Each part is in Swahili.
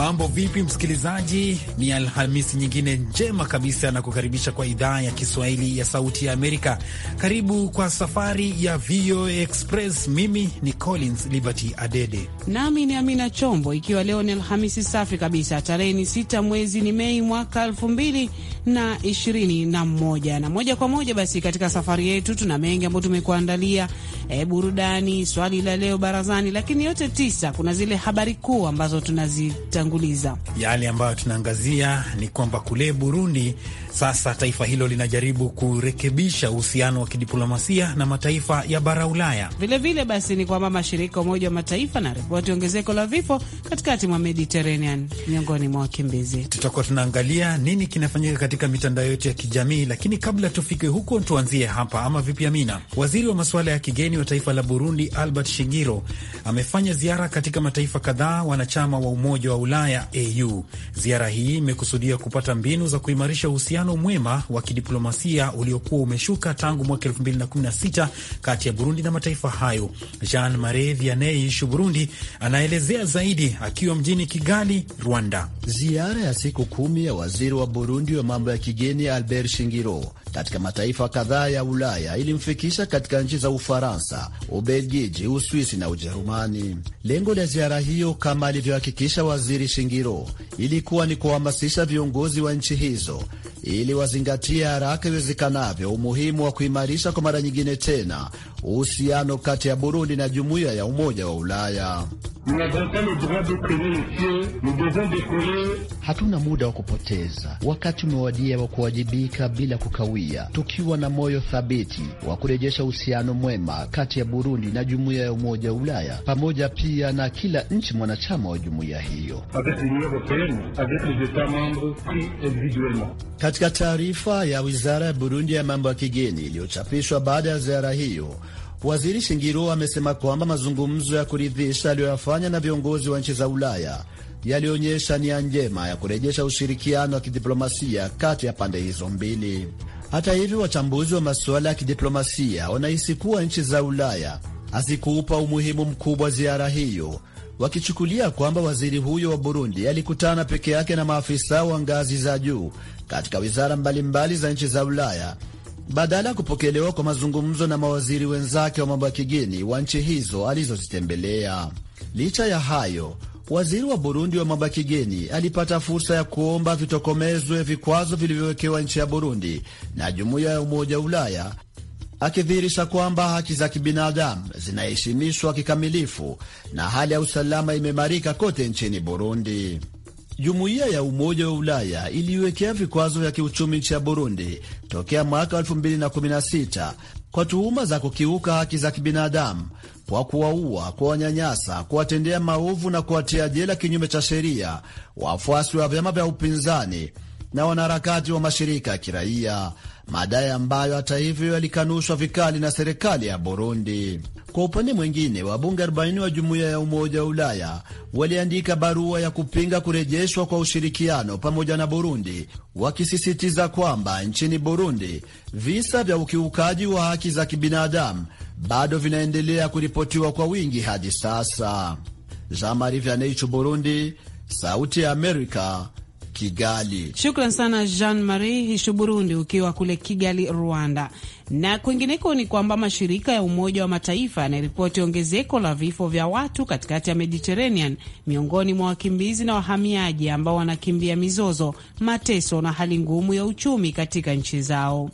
Mambo vipi, msikilizaji? Ni Alhamisi nyingine njema kabisa na kukaribisha kwa idhaa ya Kiswahili ya Sauti ya Amerika. Karibu kwa safari ya VOA Express. Mimi ni Collins Liberty Adede nami ni Amina Chombo, ikiwa leo ni Alhamisi safi kabisa, tarehe ni sita mwezi ni Mei mwaka elfu mbili na ishirini na moja na moja kwa moja basi, katika safari yetu tuna mengi ambayo tumekuandalia, e, burudani, swali la leo barazani, lakini yote tisa kuna zile habari kuu ambazo tunazita alivyotanguliza. Yale ambayo tunaangazia ni kwamba kule Burundi sasa taifa hilo linajaribu kurekebisha uhusiano wa kidiplomasia na mataifa ya bara Ulaya. Vilevile basi ni kwamba mashirika Umoja wa Mataifa na ripoti ongezeko la vifo katikati mwa Mediterranean miongoni mwa wakimbizi. Tutakuwa tunaangalia nini kinafanyika katika mitandao yetu ya kijamii, lakini kabla tufike huko, tuanzie hapa ama vipi, Amina? Waziri wa masuala ya kigeni wa taifa la Burundi Albert Shingiro amefanya ziara katika mataifa kadhaa wanachama wa Umoja wa Ulaya Ulaya AU. Ziara hii imekusudia kupata mbinu za kuimarisha uhusiano mwema wa kidiplomasia uliokuwa umeshuka tangu mwaka 2016 kati ya Burundi na mataifa hayo. Jean Marie Vianney ishu Burundi anaelezea zaidi akiwa mjini Kigali, Rwanda. Ziara ya siku kumi ya waziri wa Burundi wa mambo ya kigeni Albert Shingiro katika mataifa kadhaa ya Ulaya ilimfikisha katika nchi za Ufaransa, Ubelgiji, Uswisi na Ujerumani. Lengo la ziara hiyo, kama alivyohakikisha Waziri Shingiro, ilikuwa ni kuhamasisha viongozi wa nchi hizo ili wazingatie haraka iwezekanavyo umuhimu wa kuimarisha kwa mara nyingine tena uhusiano kati ya Burundi na Jumuiya ya Umoja wa Ulaya. Hatuna muda wa kupoteza, wakati umewadia wa kuwajibika bila kukawia, tukiwa na moyo thabiti wa kurejesha uhusiano mwema kati ya Burundi na jumuiya ya Umoja wa Ulaya, pamoja pia na kila nchi mwanachama wa jumuiya hiyo. Katika taarifa ya wizara ya Burundi ya mambo ya kigeni iliyochapishwa baada ya ziara hiyo Waziri Shingiro amesema kwamba mazungumzo ya kuridhisha aliyoyafanya na viongozi wa nchi za Ulaya yalionyesha nia njema ya kurejesha ushirikiano wa kidiplomasia kati ya pande hizo mbili. Hata hivyo, wachambuzi wa masuala ya kidiplomasia wanahisi kuwa nchi za Ulaya hazikuupa umuhimu mkubwa ziara hiyo, wakichukulia kwamba waziri huyo wa Burundi alikutana peke yake na maafisa wa ngazi za juu katika wizara mbalimbali mbali za nchi za Ulaya badala ya kupokelewa kwa mazungumzo na mawaziri wenzake wa mambo ya kigeni wa nchi hizo alizozitembelea. Licha ya hayo, waziri wa Burundi wa mambo ya kigeni alipata fursa ya kuomba vitokomezwe vikwazo vilivyowekewa nchi ya Burundi na jumuiya ya Umoja wa Ulaya, akidhihirisha kwamba haki za kibinadamu zinaheshimishwa kikamilifu na hali ya usalama imeimarika kote nchini Burundi. Jumuiya ya Umoja wa Ulaya iliwekea vikwazo vya kiuchumi cha ya Burundi tokea mwaka 2016 kwa tuhuma za kukiuka haki za kibinadamu kwa kuwaua, kuwanyanyasa, kuwatendea maovu na kuwatia jela kinyume cha sheria wafuasi wa vyama vya upinzani na wanaharakati wa mashirika ya kiraia madai ambayo hata hivyo yalikanushwa vikali na serikali ya Burundi. Kwa upande mwingine, wabunge 40 wa jumuiya ya Umoja wa Ulaya waliandika barua ya kupinga kurejeshwa kwa ushirikiano pamoja na Burundi, wakisisitiza kwamba nchini Burundi visa vya ukiukaji wa haki za kibinadamu bado vinaendelea kuripotiwa kwa wingi hadi sasa. Jean Marie Vianney, Burundi, Sauti ya Amerika, Kigali. Shukran sana Jean Marie Hishu Burundi, ukiwa kule Kigali, Rwanda. Na kwingineko ni kwamba mashirika ya Umoja wa Mataifa yanaripoti ongezeko la vifo vya watu katikati ya Mediterranean miongoni mwa wakimbizi na wahamiaji ambao wanakimbia mizozo, mateso na hali ngumu ya uchumi katika nchi zao.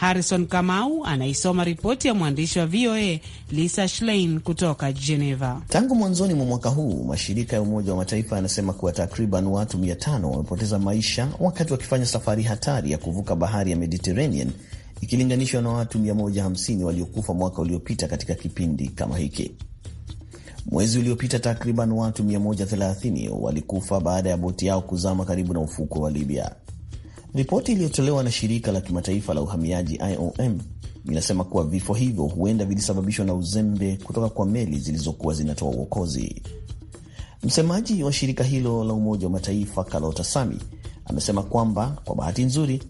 Harrison Kamau anaisoma ripoti ya mwandishi wa VOA Lisa Schlein kutoka Geneva. Tangu mwanzoni mwa mwaka huu mashirika ya Umoja wa Mataifa yanasema kuwa takriban watu 500 wamepoteza maisha wakati wakifanya safari hatari ya kuvuka bahari ya Mediterranean ikilinganishwa na watu 150 waliokufa mwaka uliopita katika kipindi kama hiki. Mwezi uliopita takriban watu 130 walikufa baada ya boti yao kuzama karibu na ufukwe wa Libya. Ripoti iliyotolewa na shirika la kimataifa la uhamiaji IOM inasema kuwa vifo hivyo huenda vilisababishwa na uzembe kutoka kwa meli zilizokuwa zinatoa uokozi. Msemaji wa shirika hilo la Umoja wa Mataifa Kalota Sami amesema kwamba kwa bahati nzuri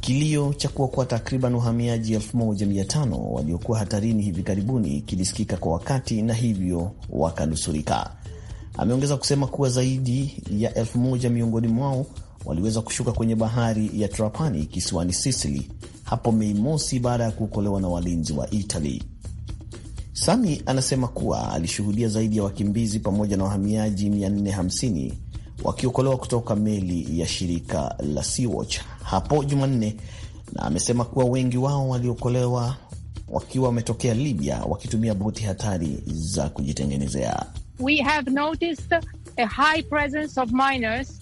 kilio cha kwa takriban uhamiaji 1500 waliokuwa hatarini hivi karibuni kilisikika kwa wakati na hivyo wakanusurika. Ameongeza kusema kuwa zaidi ya 1 miongoni mwao waliweza kushuka kwenye bahari ya Trapani kisiwani Sisili hapo Mei mosi baada ya kuokolewa na walinzi wa Italy. Sami anasema kuwa alishuhudia zaidi ya wakimbizi pamoja na wahamiaji 450 wakiokolewa kutoka meli ya shirika la Sea-Watch hapo Jumanne, na amesema kuwa wengi wao waliokolewa wakiwa wametokea Libya wakitumia boti hatari za kujitengenezea. We have noticed a high presence of minors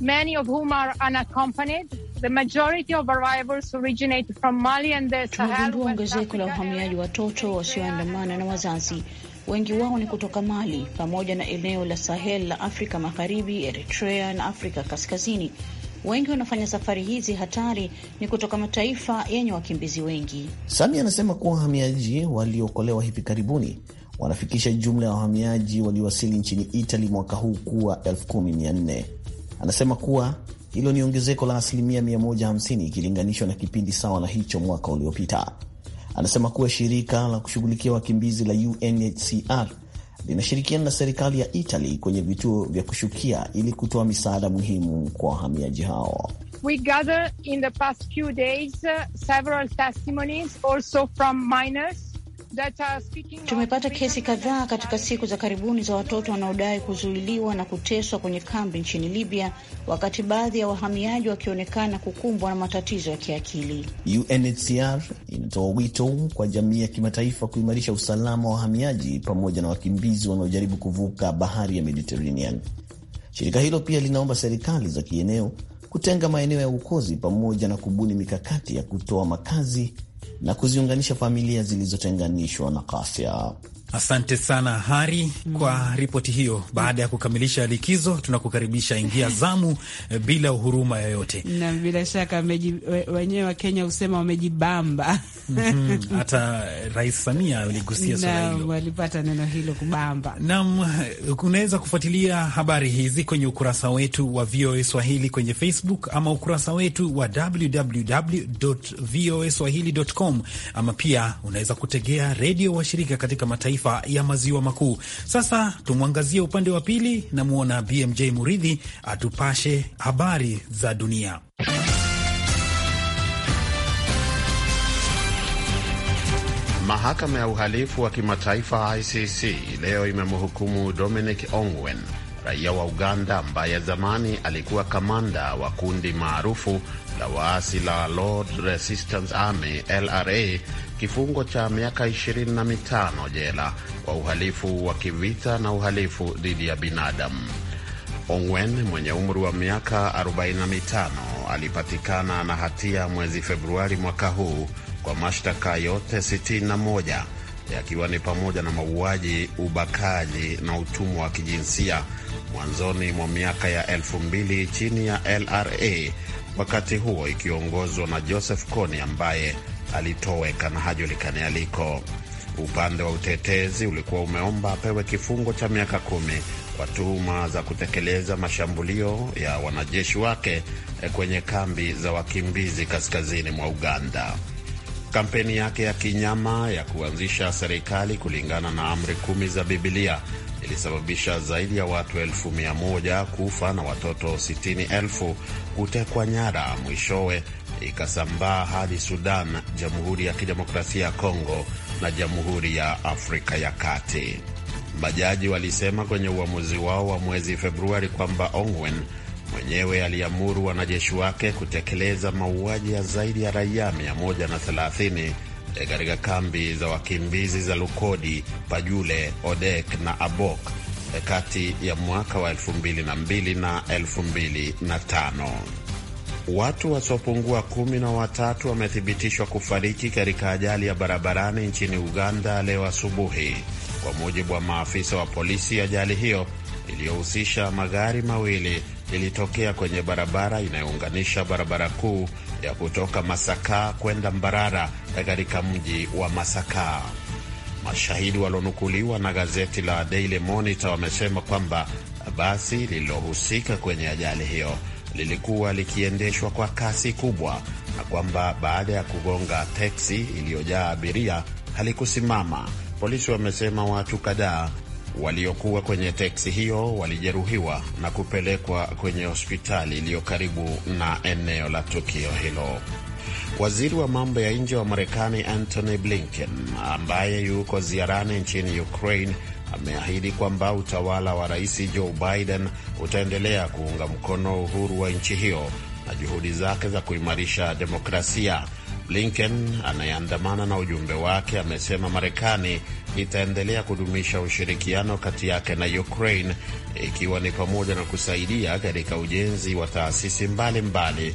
many of whom are unaccompanied. The majority of arrivals originate from Mali and the Sahel. Tumegundua ongezeko la uhamiaji watoto wasioandamana na wazazi, wengi wao ni kutoka Mali pamoja na eneo la Sahel la Afrika Magharibi, Eritrea na Afrika Kaskazini. Wengi wanafanya safari hizi hatari ni kutoka mataifa yenye wakimbizi wengi. Sami anasema kuwa wahamiaji waliookolewa hivi karibuni wanafikisha jumla ya wahamiaji waliowasili nchini Itali mwaka huu kuwa elfu kumi mia nne. Anasema kuwa hilo ni ongezeko la asilimia 150 ikilinganishwa na kipindi sawa na hicho mwaka uliopita. Anasema kuwa shirika la kushughulikia wakimbizi la UNHCR linashirikiana na serikali ya Italy kwenye vituo vya kushukia ili kutoa misaada muhimu kwa wahamiaji hao. We gather in the past few days uh, several testimonies also from minors Uh, Tumepata kesi kadhaa katika siku za karibuni za watoto wanaodai kuzuiliwa na kuteswa kwenye kambi nchini Libya, wakati baadhi ya wahamiaji wakionekana kukumbwa na matatizo ya kiakili. UNHCR inatoa wito kwa jamii ya kimataifa kuimarisha usalama wa wahamiaji pamoja na wakimbizi wanaojaribu kuvuka bahari ya Mediterranean. Shirika hilo pia linaomba serikali za kieneo kutenga maeneo ya ukozi pamoja na kubuni mikakati ya kutoa makazi na kuziunganisha familia zilizotenganishwa na ghasia. Asante sana Hari kwa ripoti hiyo. Baada ya kukamilisha likizo, tunakukaribisha ingia zamu eh, bila uhuruma yoyote. Na bila shaka wenyewe wa Kenya husema wamejibamba. Mhm, hata Rais Samia aligusia swala hilo, walipata neno hilo kubamba. Naam, eh, unaweza kufuatilia habari hizi kwenye ukurasa wetu wa VOA Swahili kwenye Facebook ama ukurasa wetu wa www voaswahili.com ama pia unaweza kutegea redio washirika katika mataifa mataifa ya maziwa makuu. Sasa tumwangazie upande wa pili, namwona BMJ Muridhi atupashe habari za dunia. Mahakama ya uhalifu wa kimataifa ICC leo imemhukumu Dominic Ongwen, raia wa Uganda ambaye zamani alikuwa kamanda wa kundi maarufu la waasi la Lord Resistance Army LRA kifungo cha miaka ishirini na mitano jela kwa uhalifu wa kivita na uhalifu dhidi ya binadamu. Ongwen mwenye umri wa miaka 45 alipatikana na hatia mwezi Februari mwaka huu kwa mashtaka yote 61 yakiwa ni pamoja na mauaji, ubakaji na utumwa wa kijinsia mwanzoni mwa miaka ya 2000 chini ya LRA, wakati huo ikiongozwa na Joseph Kony ambaye alitoweka na hajulikani aliko. Upande wa utetezi ulikuwa umeomba apewe kifungo cha miaka kumi kwa tuhuma za kutekeleza mashambulio ya wanajeshi wake kwenye kambi za wakimbizi kaskazini mwa Uganda. Kampeni yake ya kinyama ya kuanzisha serikali kulingana na amri kumi za Bibilia ilisababisha zaidi ya watu elfu mia moja kufa na watoto sitini elfu kutekwa nyara, mwishowe ikasambaa hadi Sudan, Jamhuri ya Kidemokrasia ya Kongo na Jamhuri ya Afrika ya Kati. Majaji walisema kwenye uamuzi wao wa mwezi Februari kwamba Ongwen mwenyewe aliamuru wanajeshi wake kutekeleza mauaji ya zaidi ya raia 130 eh, katika kambi za wakimbizi za Lukodi, Pajule, Odek na Abok eh, kati ya mwaka wa 2002 na 2005. Watu wasiopungua kumi na watatu wamethibitishwa kufariki katika ajali ya barabarani nchini Uganda leo asubuhi, kwa mujibu wa maafisa wa polisi. Ajali hiyo iliyohusisha magari mawili ilitokea kwenye barabara inayounganisha barabara kuu ya kutoka Masaka kwenda Mbarara katika mji wa Masaka. Mashahidi walionukuliwa na gazeti la Daily Monitor wamesema kwamba basi lililohusika kwenye ajali hiyo lilikuwa likiendeshwa kwa kasi kubwa na kwamba baada ya kugonga teksi iliyojaa abiria halikusimama. Polisi wamesema watu kadhaa waliokuwa kwenye teksi hiyo walijeruhiwa na kupelekwa kwenye hospitali iliyo karibu na eneo la tukio hilo. Waziri wa mambo ya nje wa Marekani Antony Blinken, ambaye yuko ziarani nchini Ukraine, ameahidi kwamba utawala wa Rais Joe Biden utaendelea kuunga mkono uhuru wa nchi hiyo na juhudi zake za kuimarisha demokrasia. Blinken anayeandamana na ujumbe wake amesema Marekani itaendelea kudumisha ushirikiano kati yake na Ukraine ikiwa ni pamoja na kusaidia katika ujenzi wa taasisi mbalimbali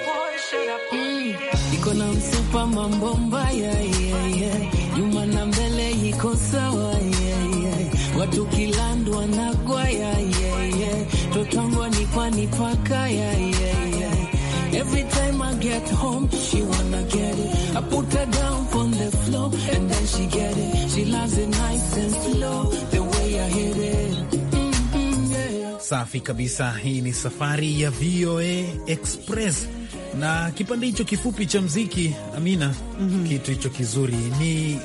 mambo mbaya nyuma na mbele iko sawa, watu kilandwa na kwaya totangwa ni kwani paka Every time I get home, she wanna get it. I put her down on the floor and then she get it. She loves it nice and slow, the way I hit it. Mm-hmm, Safi kabisa, hii ni safari ya VOA Express na kipande hicho kifupi cha mziki Amina. mm -hmm. Kitu hicho kizuri ni eh,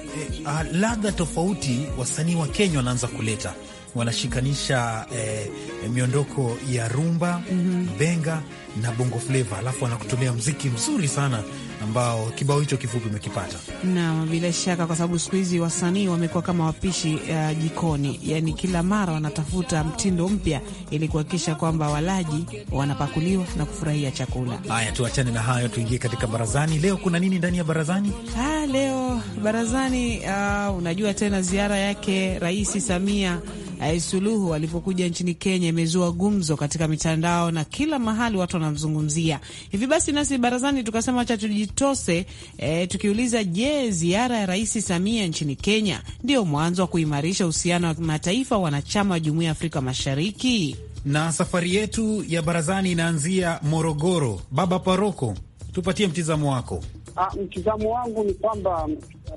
ah, ladha tofauti wasanii wa Kenya wanaanza kuleta wanashikanisha eh, miondoko ya rumba mm -hmm. benga na bongo fleva, alafu wanakutumia mziki mzuri sana ambao kibao hicho kifupi umekipata. Naam, bila shaka, kwa sababu siku hizi wasanii wamekuwa kama wapishi uh, jikoni, yaani kila mara wanatafuta mtindo mpya ili kuhakikisha kwamba walaji wanapakuliwa na kufurahia chakula. Haya, tuachane na hayo, tuingie katika barazani. Leo kuna nini ndani ya barazani? Ha, leo barazani, uh, unajua tena ziara yake Rais Samia uh, Suluhu alipokuja nchini Kenya imezua gumzo katika mitandao na kila mahali watu wanamzungumzia. Hivi basi nasi barazani tukasema cha tuji tujitose e, eh, tukiuliza je, ziara ya Rais Samia nchini Kenya ndiyo mwanzo wa kuimarisha uhusiano wa mataifa wanachama wa Jumuiya ya Afrika Mashariki? Na safari yetu ya barazani inaanzia Morogoro. Baba Paroko, tupatie mtizamo wako. Ah, mtizamo wangu ni kwamba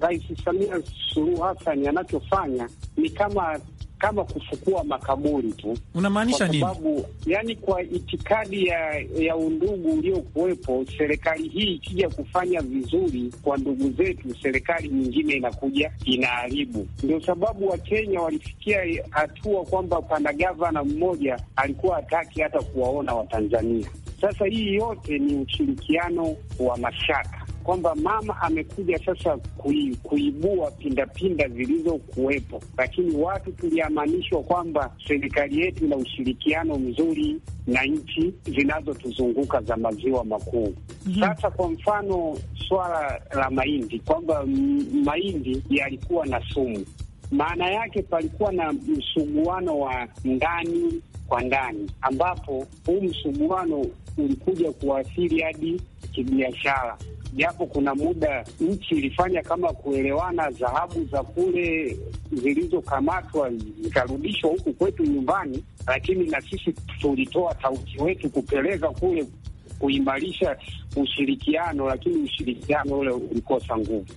Rais Samia Suluhu Hassan anachofanya ni kama kama kufukua makaburi tu. Unamaanisha nini? sababu yani, kwa itikadi ya, ya undugu uliokuwepo, serikali hii ikija kufanya vizuri kwa ndugu zetu, serikali nyingine inakuja inaharibu. Ndio sababu Wakenya walifikia hatua kwamba pana gavana mmoja alikuwa hataki hata kuwaona Watanzania. Sasa hii yote ni ushirikiano wa mashaka kwamba mama amekuja sasa kui, kuibua pindapinda zilizokuwepo, lakini watu tuliamanishwa kwamba serikali yetu ina ushirikiano mzuri na nchi zinazotuzunguka za maziwa makuu. mm -hmm. Sasa kwa mfano swala la mahindi kwamba mahindi yalikuwa na sumu, maana yake palikuwa na msuguano wa ndani kwa ndani ambapo huu msuguano ulikuja kuathiri hadi kibiashara, japo kuna muda nchi ilifanya kama kuelewana, dhahabu za kule zilizokamatwa zikarudishwa huku kwetu nyumbani, lakini na sisi tulitoa sauti wetu kupeleka kule kuimarisha ushirikiano, lakini ushirikiano ule ulikosa nguvu.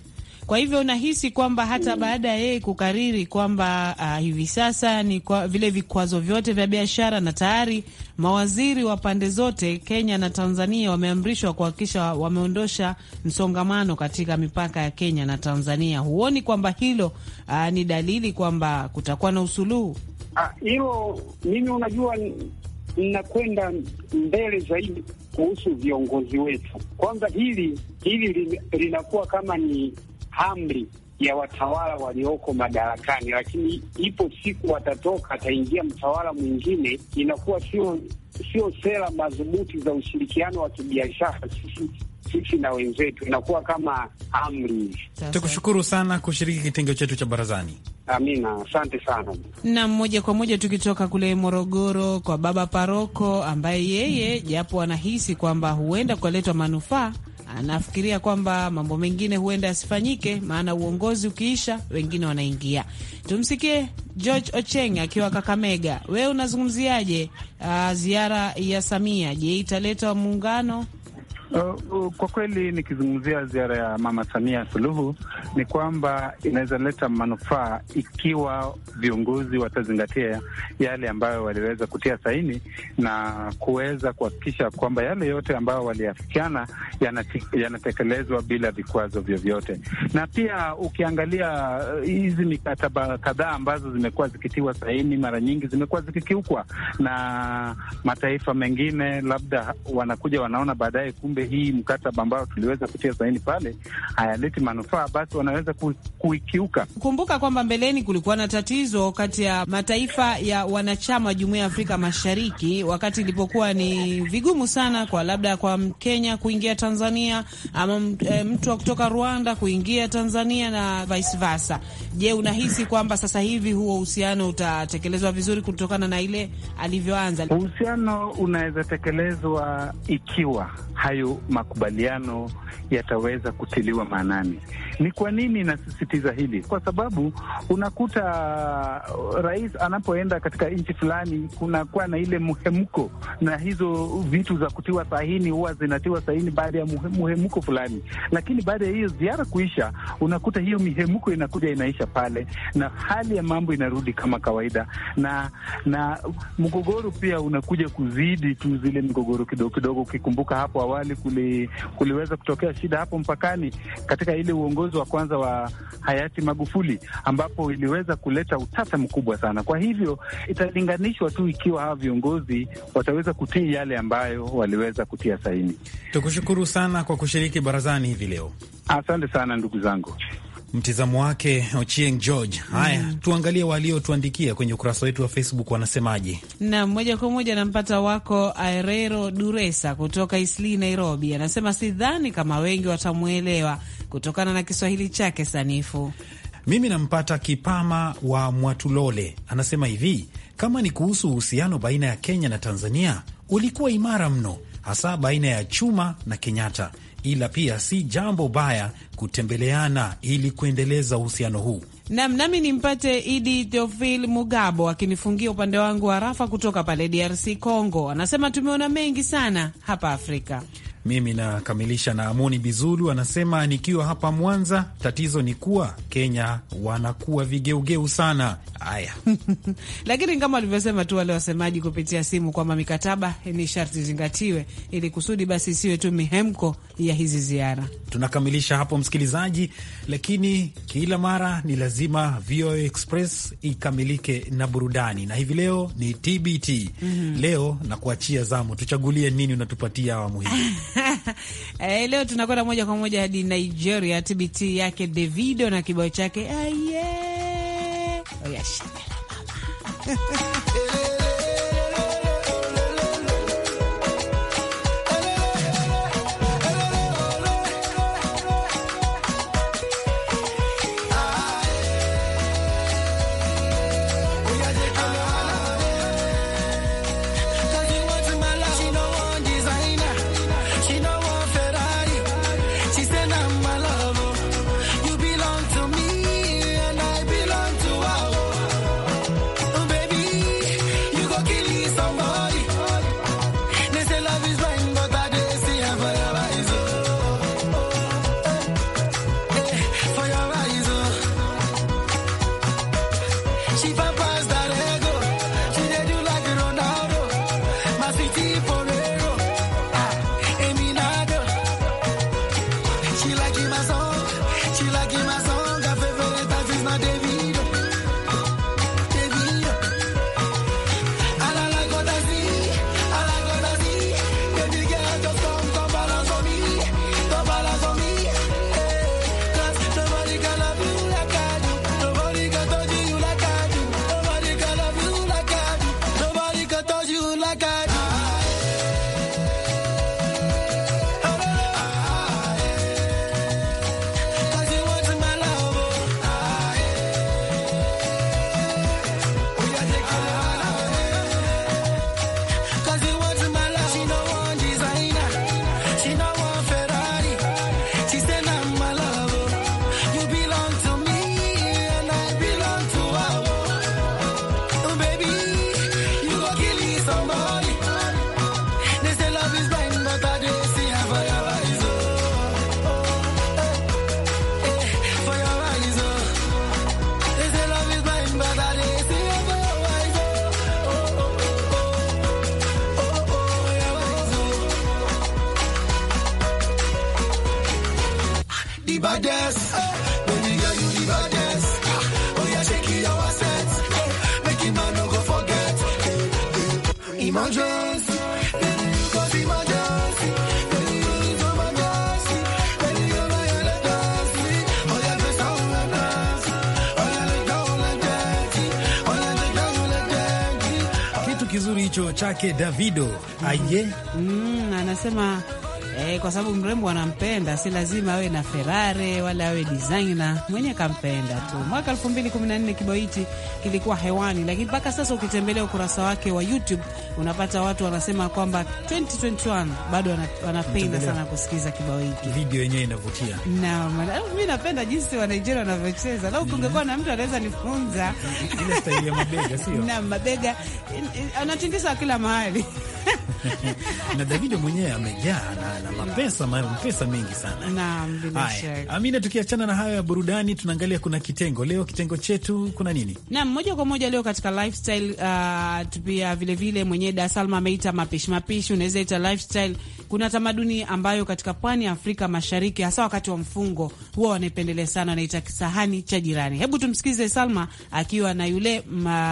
Kwa hivyo nahisi kwamba hata hmm. baada ya yeye kukariri kwamba uh, hivi sasa ni kwa vile vikwazo vyote vya biashara na tayari mawaziri wa pande zote Kenya na Tanzania wameamrishwa kuhakikisha wameondosha msongamano katika mipaka ya Kenya na Tanzania. Huoni kwamba hilo uh, ni dalili kwamba kutakuwa na usuluhu? Ah, hilo mimi, unajua ninakwenda mbele zaidi kuhusu viongozi wetu. Kwanza hili hili linakuwa kama ni amri ya watawala walioko madarakani, lakini ipo siku watatoka, ataingia mtawala mwingine. Inakuwa sio sio sera madhubuti za ushirikiano wa kibiashara sisi sisi na wenzetu, inakuwa kama amri Tukushukuru sana kushiriki kitengo chetu cha barazani. Amina, asante sana. nam moja kwa moja tukitoka kule Morogoro kwa baba paroko, ambaye yeye japo anahisi kwamba huenda kukaletwa manufaa anafikiria kwamba mambo mengine huenda yasifanyike, maana uongozi ukiisha wengine wanaingia. Tumsikie George Ocheng akiwa Kakamega. Wewe unazungumziaje uh, ziara ya Samia? Je, italeta muungano Uh, uh, kwa kweli nikizungumzia ziara ya Mama Samia Suluhu ni kwamba inaweza leta manufaa ikiwa viongozi watazingatia yale ambayo waliweza kutia saini na kuweza kuhakikisha kwamba yale yote ambayo waliafikiana yanatekelezwa yana bila vikwazo vyovyote. Na pia ukiangalia uh, hizi uh, mikataba kadhaa ambazo zimekuwa zikitiwa saini, mara nyingi zimekuwa zikikiukwa na mataifa mengine, labda wanakuja wanaona baadaye kumbe yote hii mkataba ambayo tuliweza kutia saini pale hayaleti manufaa, basi wanaweza kuikiuka. Kumbuka kwamba mbeleni kulikuwa na tatizo kati ya mataifa ya wanachama wa Jumuiya ya Afrika Mashariki wakati ilipokuwa ni vigumu sana kwa labda kwa Mkenya kuingia Tanzania ama eh, mtu wa kutoka Rwanda kuingia Tanzania na vice versa. Je, unahisi kwamba sasa hivi huo uhusiano utatekelezwa vizuri kutokana na ile alivyoanza? Uhusiano unaweza tekelezwa ikiwa hayo ambavyo makubaliano yataweza kutiliwa maanani. Ni kwa nini nasisitiza hili? Kwa sababu unakuta uh, rais anapoenda katika nchi fulani, kunakuwa na ile muhemko, na hizo vitu za kutiwa sahini huwa zinatiwa sahini baada ya muhemko fulani, lakini baada ya hiyo ziara kuisha, unakuta hiyo mihemko inakuja inaisha pale, na hali ya mambo inarudi kama kawaida, na na mgogoro pia unakuja kuzidi tu zile mgogoro kidogo kidogo, ukikumbuka hapo awali kweli kuli, kuliweza kutokea shida hapo mpakani katika ile uongozi wa kwanza wa hayati Magufuli, ambapo iliweza kuleta utata mkubwa sana. Kwa hivyo italinganishwa tu ikiwa hawa viongozi wataweza kutii yale ambayo waliweza kutia saini. Tukushukuru sana kwa kushiriki barazani hivi leo. Asante sana ndugu zangu mtizamo wake Ochieng George. Haya, mm. tuangalie waliotuandikia kwenye ukurasa wetu wa Facebook wanasemaje. nam moja kwa moja nampata wako Aerero Duresa kutoka Isli, Nairobi, anasema sidhani kama wengi watamwelewa kutokana na Kiswahili chake sanifu. Mimi nampata Kipama wa Mwatulole, anasema hivi, kama ni kuhusu uhusiano baina ya Kenya na Tanzania ulikuwa imara mno, hasa baina ya Chuma na Kenyatta ila pia si jambo baya kutembeleana ili kuendeleza uhusiano huu. Nam, nami nimpate Idi Theofil Mugabo akinifungia upande wangu wa rafa kutoka pale DRC Congo. Anasema tumeona mengi sana hapa Afrika, mimi nakamilisha na Amoni Bizulu anasema, nikiwa hapa Mwanza, tatizo ni kuwa Kenya wanakuwa vigeugeu sana. Haya, lakini kama walivyosema tu wale wasemaji kupitia simu kwamba mikataba ni sharti zingatiwe, ili kusudi basi isiwe tu mihemko ya hizi ziara. Tunakamilisha hapo msikilizaji, lakini kila mara ni lazima VOA Express ikamilike na burudani, na hivi leo ni TBT. mm -hmm. Leo nakuachia zamu, tuchagulie nini unatupatia awamu hii Eh, leo tunakwenda moja kwa moja hadi Nigeria, TBT yake Davido na kibao chake aye. Ah, Oya, oh, hicho chake Davido aje, mm, anasema eh, kwa sababu mrembo anampenda, si lazima awe na Ferrari wala awe designer, mwenye kampenda tu. Mwaka 2014 kibao hichi kilikuwa hewani, lakini mpaka sasa ukitembelea ukurasa wake wa YouTube unapata watu wanasema kwamba 2021 bado wanapenda sana kusikiliza kibao hiki. Video yenyewe inavutia, Naam, ah, mimi napenda jinsi wa Nigeria wanavyocheza. Lau kungekuwa na mtu anaweza nifunza ile staili ya mabega, sio Naam, mabega, anatingisha kila mahali na Davido mwenyewe amejaa na, na mapesa mapesa mengi sana. Naam, bila shaka Amina. Tukiachana na hayo ya burudani, tunaangalia kuna kitengo leo. Kitengo chetu kuna nini? Naam, moja kwa moja leo katika lifestyle uh, pia vilevile mwenyewe Da Salma ameita mapishi mapishi, unaweza ita lifestyle kuna tamaduni ambayo katika pwani ya Afrika Mashariki, hasa wakati wa mfungo, huwa wanaipendelea sana, wanaita kisahani cha jirani. Hebu tumsikize Salma akiwa na yule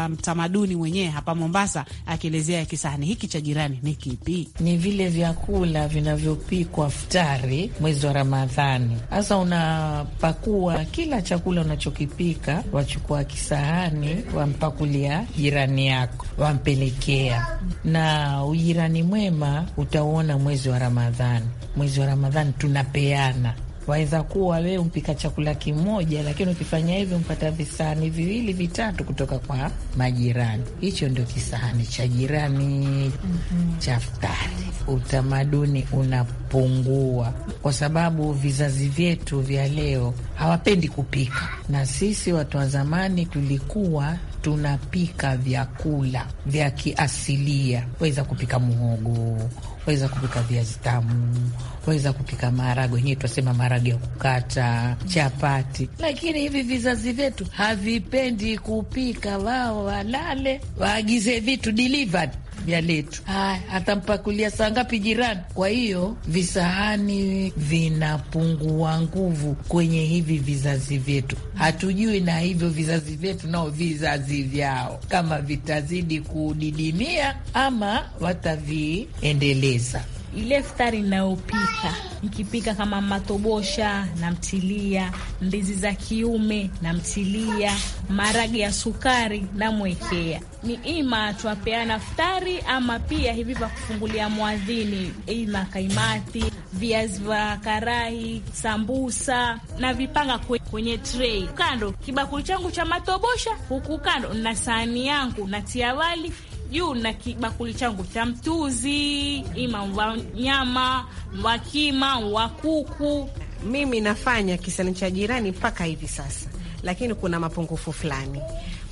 mtamaduni mm, mwenyewe hapa Mombasa akielezea kisahani hiki cha jirani ni kipi. Ni vile vyakula vinavyopikwa futari mwezi wa Ramadhani. hasa unapakua kila chakula unachokipika, wachukua kisahani, wampakulia jirani yako, wampelekea, na ujirani mwema utauona mwezi wa Ramadhan. Mwezi wa Ramadhani tunapeana waweza kuwa wewe umpika chakula kimoja, lakini ukifanya hivyo mpata visahani viwili vitatu kutoka kwa majirani. Hicho ndio kisahani cha jirani mm -hmm. cha futari. Utamaduni unapungua kwa sababu vizazi vyetu vya leo hawapendi kupika, na sisi watu wa zamani tulikuwa tunapika vyakula vya kiasilia, waweza kupika muhogo waweza kupika viazi tamu, waweza kupika maharage, wenyewe twasema maharage ya kukata, chapati. Lakini hivi vizazi vyetu havipendi kupika, wao walale waagize vitu delivered vya letu. Haya, atampakulia saa ngapi jirani? Kwa hiyo visahani vinapungua nguvu kwenye hivi vizazi vyetu, hatujui, na hivyo vizazi vyetu nao vizazi vyao kama vitazidi kudidimia ama wataviendeleza ile iftari ninayopika, nikipika kama matobosha namtilia, ndizi za kiume namtilia, maragi ya sukari namwekea. Ni ima twapeana iftari, ama pia hivi vya kufungulia mwadhini, ima kaimati, viazi vya karai, sambusa na vipanga kwenye trei. Kando kibakuli changu cha matobosha, huku kando na sahani yangu natia wali juu na kibakuli changu cha mtuzi, ima wa nyama, wa kima, wa kuku. Mimi nafanya kisani cha jirani mpaka hivi sasa, lakini kuna mapungufu fulani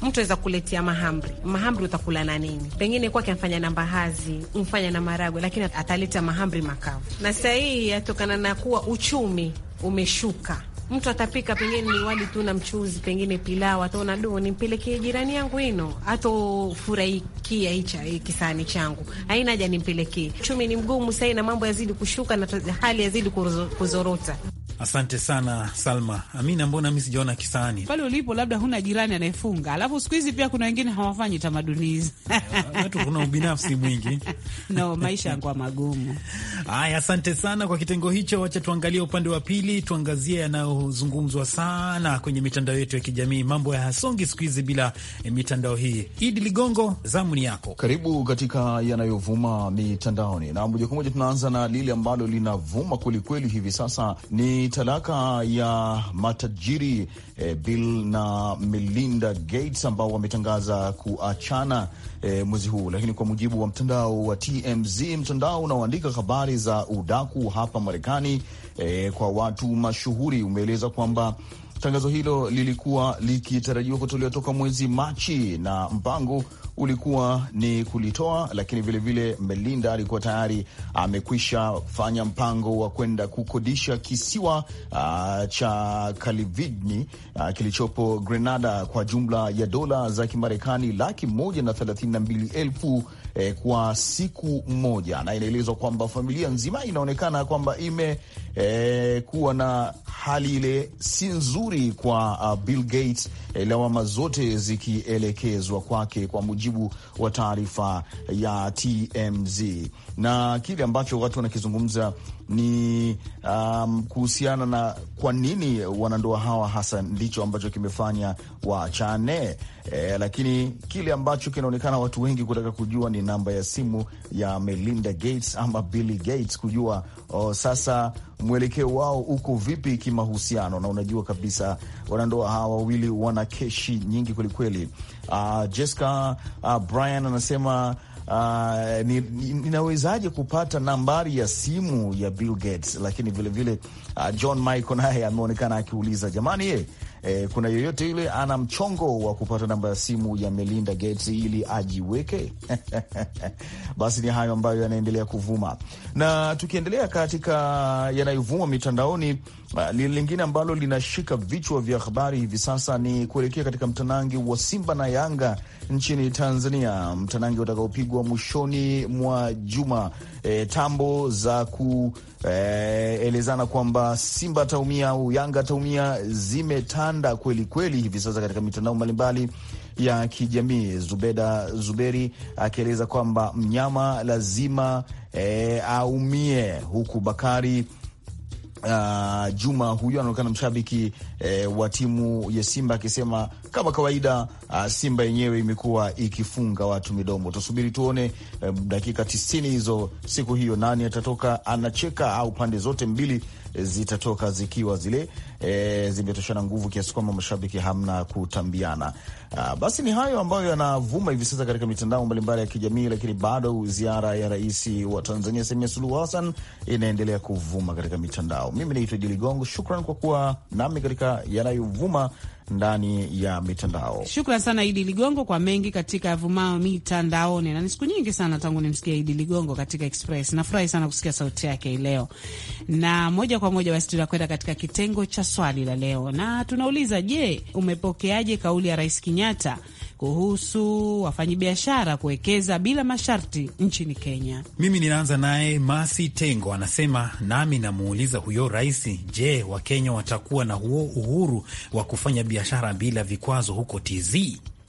mtu aweza kuletea mahamri. Mahamri utakula na nini? Pengine kwake amfanya na mbahazi, umfanya na maragwe, lakini ataleta mahamri makavu. Na sahihi hii yatokana na kuwa uchumi umeshuka mtu atapika pengine ni wali tu na mchuzi, pengine pilau, ataona do, nimpelekee jirani yangu ino, atofurahikia hicha kisani changu, ainaja haja nimpelekee. Uchumi ni mgumu sahii, na mambo yazidi kushuka na hali yazidi kuzorota. Asante sana Salma. Amina, mbona mi sijaona kisani pale ulipo? Labda huna jirani anayefunga. Alafu siku hizi pia kuna wengine hawafanyi tamaduni hizi eh, watu kuna ubinafsi mwingi no, maisha yanakuwa magumu. Haya, asante sana kwa kitengo hicho. Wacha tuangalie upande wa pili, tuangazie yanayozungumzwa sana kwenye mitandao yetu ya kijamii. Mambo ya hasongi siku hizi bila eh, mitandao hii. Idi Ligongo, zamu ni yako. Karibu katika yanayovuma mitandaoni, na moja kwa moja tunaanza na lile ambalo linavuma kwelikweli hivi sasa ni talaka ya matajiri eh, Bill na Melinda Gates ambao wametangaza kuachana eh, mwezi huu, lakini kwa mujibu wa mtandao wa TMZ, mtandao unaoandika habari za udaku hapa Marekani eh, kwa watu mashuhuri, umeeleza kwamba tangazo hilo lilikuwa likitarajiwa kutolewa toka mwezi Machi na mpango ulikuwa ni kulitoa, lakini vilevile Melinda alikuwa tayari amekwisha fanya mpango wa kwenda kukodisha kisiwa a, ah, cha Kalividni ah, kilichopo Grenada kwa jumla ya dola za Kimarekani laki moja na thelathini na mbili elfu e, kwa siku moja, na inaelezwa kwamba familia nzima inaonekana kwamba ime e, kuwa na hali ile si nzuri kwa uh, Bill Gates, e, lawama zote zikielekezwa kwake, kwa mujibu wa taarifa ya TMZ na kile ambacho watu wanakizungumza ni um, kuhusiana na kwa nini wanandoa hawa hasa ndicho ambacho kimefanya waachane. E, lakini kile ambacho kinaonekana watu wengi kutaka kujua ni namba ya simu ya Melinda Gates ama Bill Gates, kujua o, sasa mwelekeo wao uko vipi kimahusiano, na unajua kabisa wanandoa hawa wawili wana keshi nyingi kwelikweli. Uh, Jessica uh, Brian anasema uh, ah, inawezaje kupata nambari ya simu ya Bill Gates? Lakini vilevile vile, uh, John Michael naye ameonekana akiuliza jamani, ye eh, e, kuna yoyote yule ana mchongo wa kupata namba ya simu ya Melinda Gates ili ajiweke? Basi ni hayo ambayo yanaendelea kuvuma, na tukiendelea katika yanayovuma mitandaoni ah, lile lingine ambalo linashika vichwa vya habari hivi sasa ni kuelekea katika mtanangi wa Simba na Yanga nchini Tanzania, mtanangi utakaopigwa mwishoni mwa juma e, tambo za kuelezana e, kwamba Simba ataumia au Yanga ataumia zimetanda kweli kweli hivi sasa katika mitandao mbalimbali ya kijamii. Zubeda Zuberi akieleza kwamba mnyama lazima e, aumie, huku Bakari Uh, Juma huyu anaonekana mshabiki eh, wa timu ya Simba akisema kama kawaida uh, Simba yenyewe imekuwa ikifunga watu midomo. Tusubiri tuone um, dakika tisini hizo siku hiyo nani atatoka anacheka, au pande zote mbili eh, zitatoka zikiwa zile e, zimetoshana nguvu kiasi kwamba mashabiki hamna kutambiana. A, uh, basi ni hayo ambayo yanavuma hivi sasa katika mitandao mbalimbali ya kijamii, lakini bado ziara ya rais wa Tanzania Samia Suluhu Hassan inaendelea kuvuma katika mitandao. Mimi naitwa Jili Gongo, shukran kwa kuwa nami katika yanayovuma ndani ya mitandao. Shukran sana Idi Ligongo kwa mengi katika yavumao mitandaoni, na ni siku nyingi sana tangu nimsikia Idi Ligongo katika Express. Nafurahi sana kusikia sauti yake leo, na moja kwa moja basi tunakwenda katika kitengo cha swali la leo, na tunauliza je, umepokeaje kauli ya Rais Kenyatta kuhusu wafanyabiashara kuwekeza bila masharti nchini Kenya. Mimi ninaanza naye Masi Tengo anasema, nami namuuliza huyo rais, je, Wakenya watakuwa na huo uhuru wa kufanya biashara bila vikwazo huko TZ?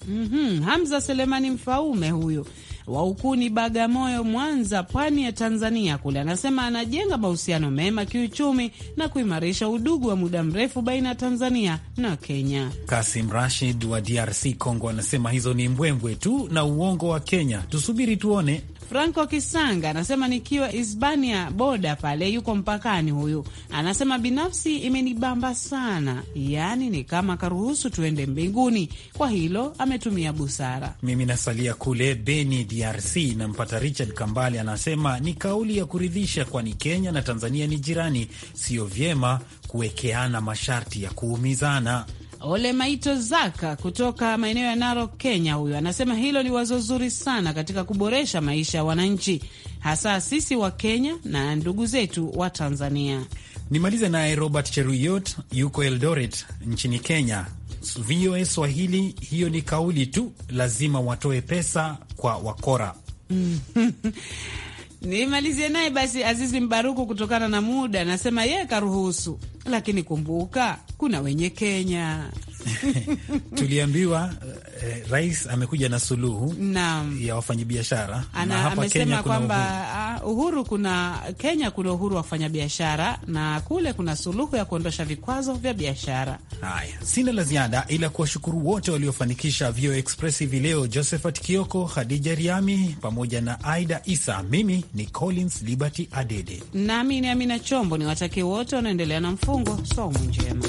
Mm -hmm. Hamza Selemani Mfaume huyu wa Ukuni, Bagamoyo, Mwanza, pwani ya Tanzania kule, anasema anajenga mahusiano mema kiuchumi na kuimarisha udugu wa muda mrefu baina ya Tanzania na Kenya. Kasim Rashid wa DRC congo anasema hizo ni mbwembwe tu na uongo wa Kenya, tusubiri tuone. Franco Kisanga anasema nikiwa Hispania boda pale, yuko mpakani huyu, anasema binafsi imenibamba sana, yaani ni kama karuhusu tuende mbinguni. Kwa hilo ametumia busara. Mimi nasalia kule Beni, DRC, nampata Richard Kambale anasema ni kauli ya kuridhisha, kwani Kenya na Tanzania ni jirani, sio vyema kuwekeana masharti ya kuumizana. Ole Maito Zaka kutoka maeneo ya Narok, Kenya, huyo anasema hilo ni wazo zuri sana katika kuboresha maisha ya wananchi, hasa sisi wa Kenya na ndugu zetu wa Tanzania. Nimalize naye Robert Cheruyot, yuko Eldoret nchini Kenya. VOA Swahili, hiyo ni kauli tu, lazima watoe pesa kwa wakora. Nimalizie naye basi Azizi Mbaruku, kutokana na muda, nasema yeye karuhusu, lakini kumbuka kuna wenye Kenya tuliambiwa eh, rais amekuja na suluhu na ya wafanyabiashara na hapa Kenya kwamba ah, uhuru kuna Kenya kuna uhuru wa wafanyabiashara na kule kuna suluhu ya kuondosha vikwazo vya biashara. Haya, sina la ziada ila kuwashukuru wote waliofanikisha Vio Express hivi leo, Josephat Kioko, hadija Riami pamoja na Aida Isa. Mimi ni Collins Liberty Adede nami ni Amina Chombo, ni watakie wote wanaendelea na mfungo somu njema.